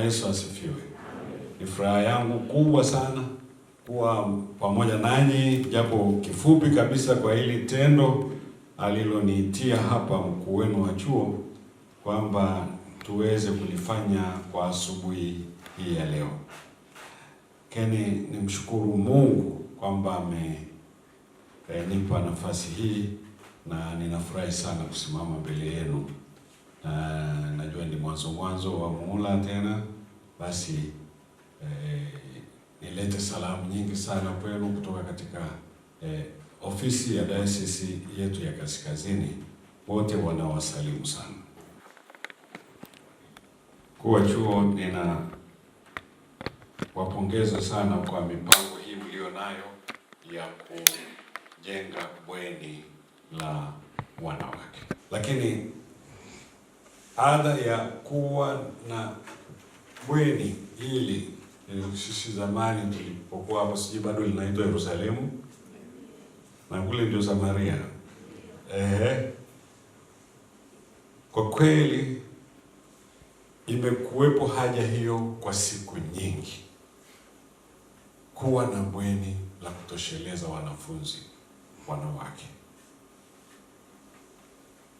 Yesu asifiwe. Ni furaha yangu kubwa sana kuwa pamoja nanyi japo kifupi kabisa kwa hili tendo aliloniitia hapa mkuu wenu wa chuo kwamba tuweze kulifanya kwa asubuhi hii ya leo. Keni nimshukuru Mungu kwamba amenipa nafasi hii na ninafurahi sana kusimama mbele yenu na najua ni mwanzo mwanzo wa muhula tena, basi eh, nilete salamu nyingi sana kwenu kutoka katika eh, ofisi ya dayosisi yetu ya Kaskazini. Wote wanawasalimu sana. Kuwa chuo, nina wapongeza sana kwa mipango hii mlio nayo ya kujenga bweni la wanawake, lakini adha ya kuwa na bweni hili sisi zamani tulipokuwa hapo, sijui bado linaitwa Yerusalemu na kule ndio Samaria. Ehe, kwa kweli imekuwepo haja hiyo kwa siku nyingi, kuwa na bweni la kutosheleza wanafunzi wanawake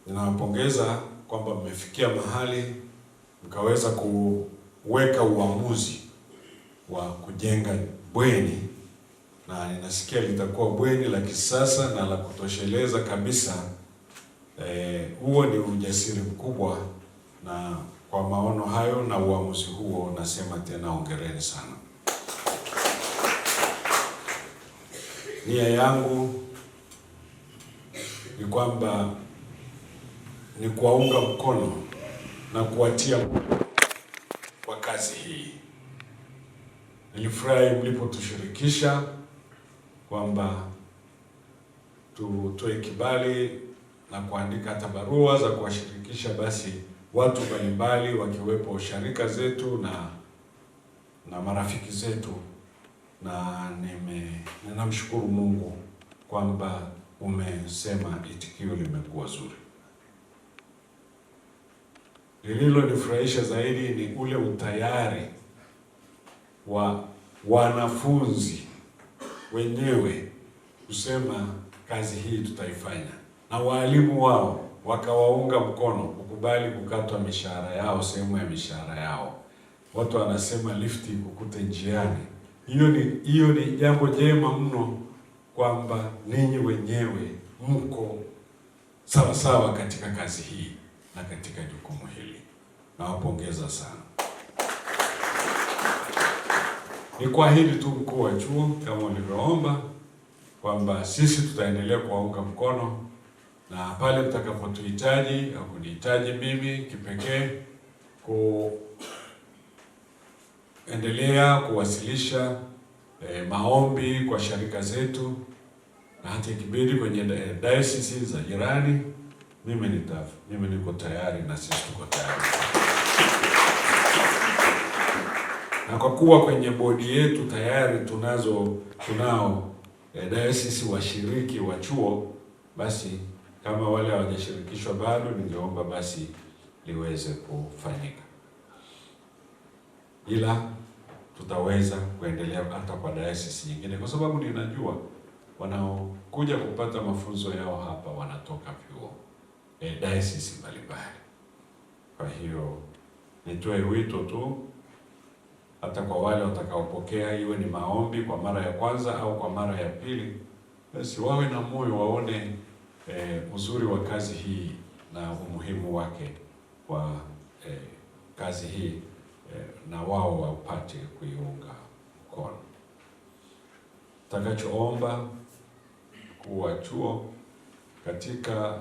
ninawapongeza kwamba mmefikia mahali mkaweza kuweka uamuzi wa kujenga bweni na ninasikia litakuwa bweni la kisasa na la kutosheleza kabisa. Eh, huo e, ni ujasiri mkubwa, na kwa maono hayo na uamuzi huo nasema tena hongereni sana. Nia yangu ni kwamba ni kuwaunga mkono na kuwatia kwa kazi hii. Nilifurahi mlipotushirikisha kwamba tutoe kibali na kuandika hata barua za kuwashirikisha basi watu mbalimbali wakiwepo sharika zetu na na marafiki zetu, na nime ninamshukuru Mungu kwamba umesema itikio limekuwa zuri. Lililonifurahisha zaidi ni ule utayari wa wanafunzi wenyewe kusema kazi hii tutaifanya, na waalimu wao wakawaunga mkono kukubali kukatwa mishahara yao, sehemu ya mishahara yao. Watu wanasema lifti kukute njiani. Hiyo ni hiyo ni jambo jema mno, kwamba ninyi wenyewe mko sawasawa katika kazi hii na katika jukumu hili. Nawapongeza sana. Ni kwa hili tu, mkuu wa chuo, kama ulivyoomba kwamba sisi tutaendelea kuwaunga mkono na pale mtakapotuhitaji au kunihitaji mimi kipekee kuendelea kuwasilisha eh, maombi kwa sharika zetu na hata ikibidi kwenye eh, diocese za jirani mimi tafu, mimi niko tayari na sisi tuko tayari. Na kwa kuwa kwenye bodi yetu tayari tunazo tunao eh, dayosisi washiriki wa chuo, basi kama wale hawajashirikishwa bado, ningeomba basi liweze kufanyika, ila tutaweza kuendelea hata kwa dayosisi nyingine, kwa sababu ninajua wanaokuja kupata mafunzo yao hapa wanatoka vyuo eh, diocese mbalimbali. Kwa hiyo nitoe wito tu hata kwa wale watakaopokea, iwe ni maombi kwa mara ya kwanza au kwa mara ya pili, basi wawe na moyo, waone eh, uzuri wa kazi hii na umuhimu wake wa eh, kazi hii eh, na wao waupate kuiunga mkono. Takachoomba kuwa chuo katika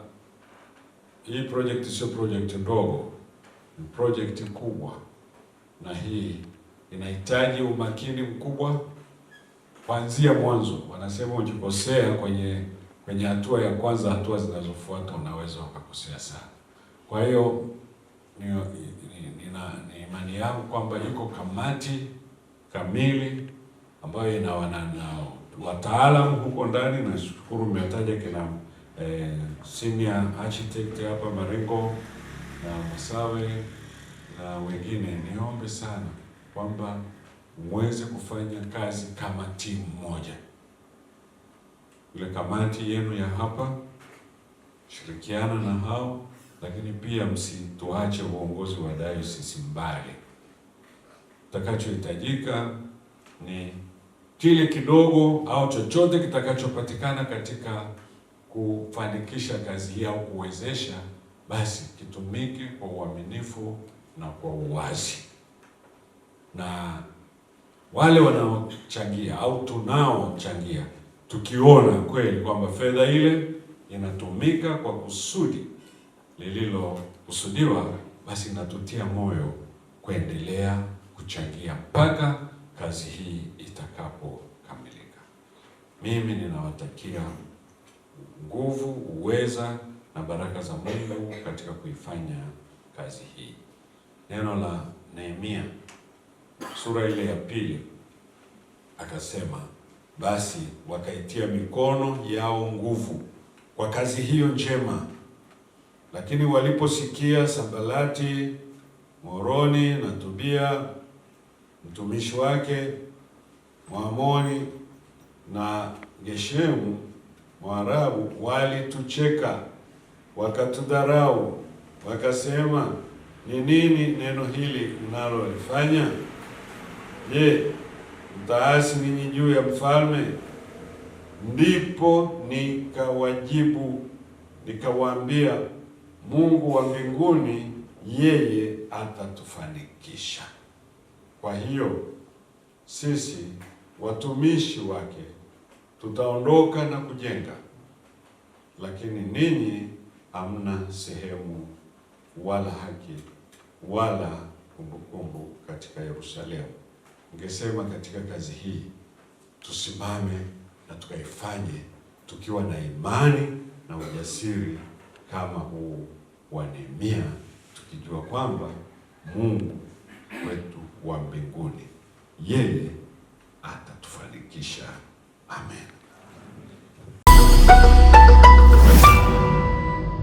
hii project sio project ndogo, ni project kubwa, na hii inahitaji umakini mkubwa kuanzia mwanzo. Wanasema ukikosea kwenye kwenye hatua ya kwanza, hatua zinazofuata unaweza ukakosea sana. Kwa hiyo ni, ni, ni, ni imani yangu kwamba iko kamati kamili ambayo ina wataalamu huko ndani. na shukuru mmetaja kina eh, senior architect hapa Marengo na Masawe na wengine, niombe sana kwamba muweze kufanya kazi kama timu moja. Ile kamati yenu ya hapa, shirikiana na hao, lakini pia msituache uongozi wa dayosisi mbali. Kitakachohitajika ni kile kidogo au chochote kitakachopatikana katika kufanikisha kazi hii au kuwezesha, basi kitumike kwa uaminifu na kwa uwazi, na wale wanaochangia au tunaochangia tukiona kweli kwamba fedha ile inatumika kwa kusudi lililokusudiwa, basi inatutia moyo kuendelea kuchangia mpaka kazi hii itakapokamilika. Mimi ninawatakia nguvu, uweza na baraka za Mungu katika kuifanya kazi hii. Neno la Nehemia sura ile ya pili akasema, basi wakaitia mikono yao nguvu kwa kazi hiyo njema, lakini waliposikia Sambalati, Moroni na Tobia mtumishi wake Mwamoni na Geshemu Waarabu walitucheka, wakatudharau, wakasema ni nini neno hili mnalolifanya? Je, mtaasi ninyi juu ya mfalme? Ndipo nikawajibu nikawaambia, Mungu wa mbinguni yeye atatufanikisha. Kwa hiyo sisi watumishi wake tutaondoka na kujenga, lakini ninyi hamna sehemu wala haki wala kumbukumbu katika Yerusalemu. Ningesema katika kazi hii tusimame na tukaifanye tukiwa na imani na ujasiri kama huu wa Nehemia, tukijua kwamba Mungu wetu wa mbinguni yeye atatufanikisha. Amén.